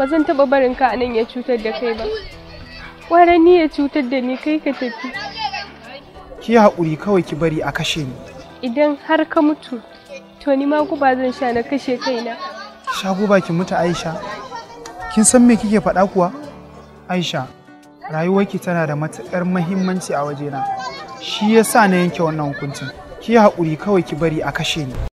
ba zan taɓa barin ka anan ya cutar da kai ba kwara ni ya cutar da ni kai ka tafi ki haƙuri kawai ki bari a kashe ni idan har ka mutu to ni ma guba zan sha na kashe kaina sha guba ki mutu aisha kin san me kike faɗa kuwa aisha rayuwarki tana da matuƙar mahimmanci a wajena shi yasa na yanke wannan hukuncin ki haƙuri kawai ki bari a kashe ni